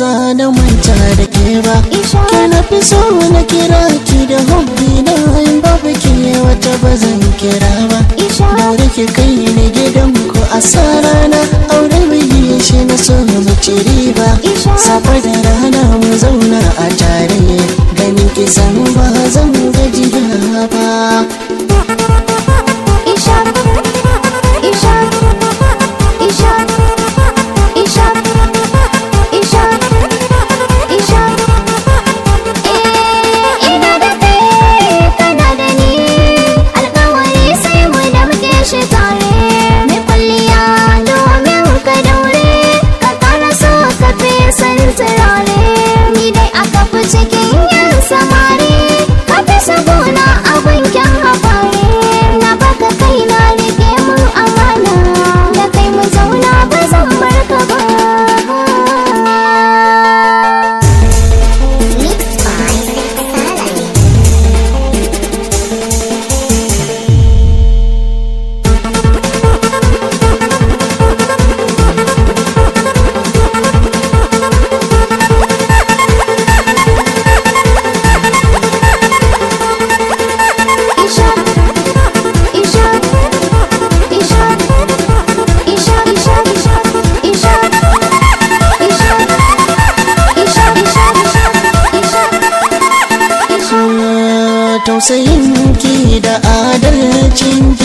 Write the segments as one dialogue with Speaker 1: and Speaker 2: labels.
Speaker 1: za manta da ke ba ke na fi so na kira ki da hobbi na in babu ke wata ba zan kira ba da ki kai ne gida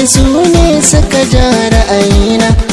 Speaker 1: su ne suka ja ra'ayina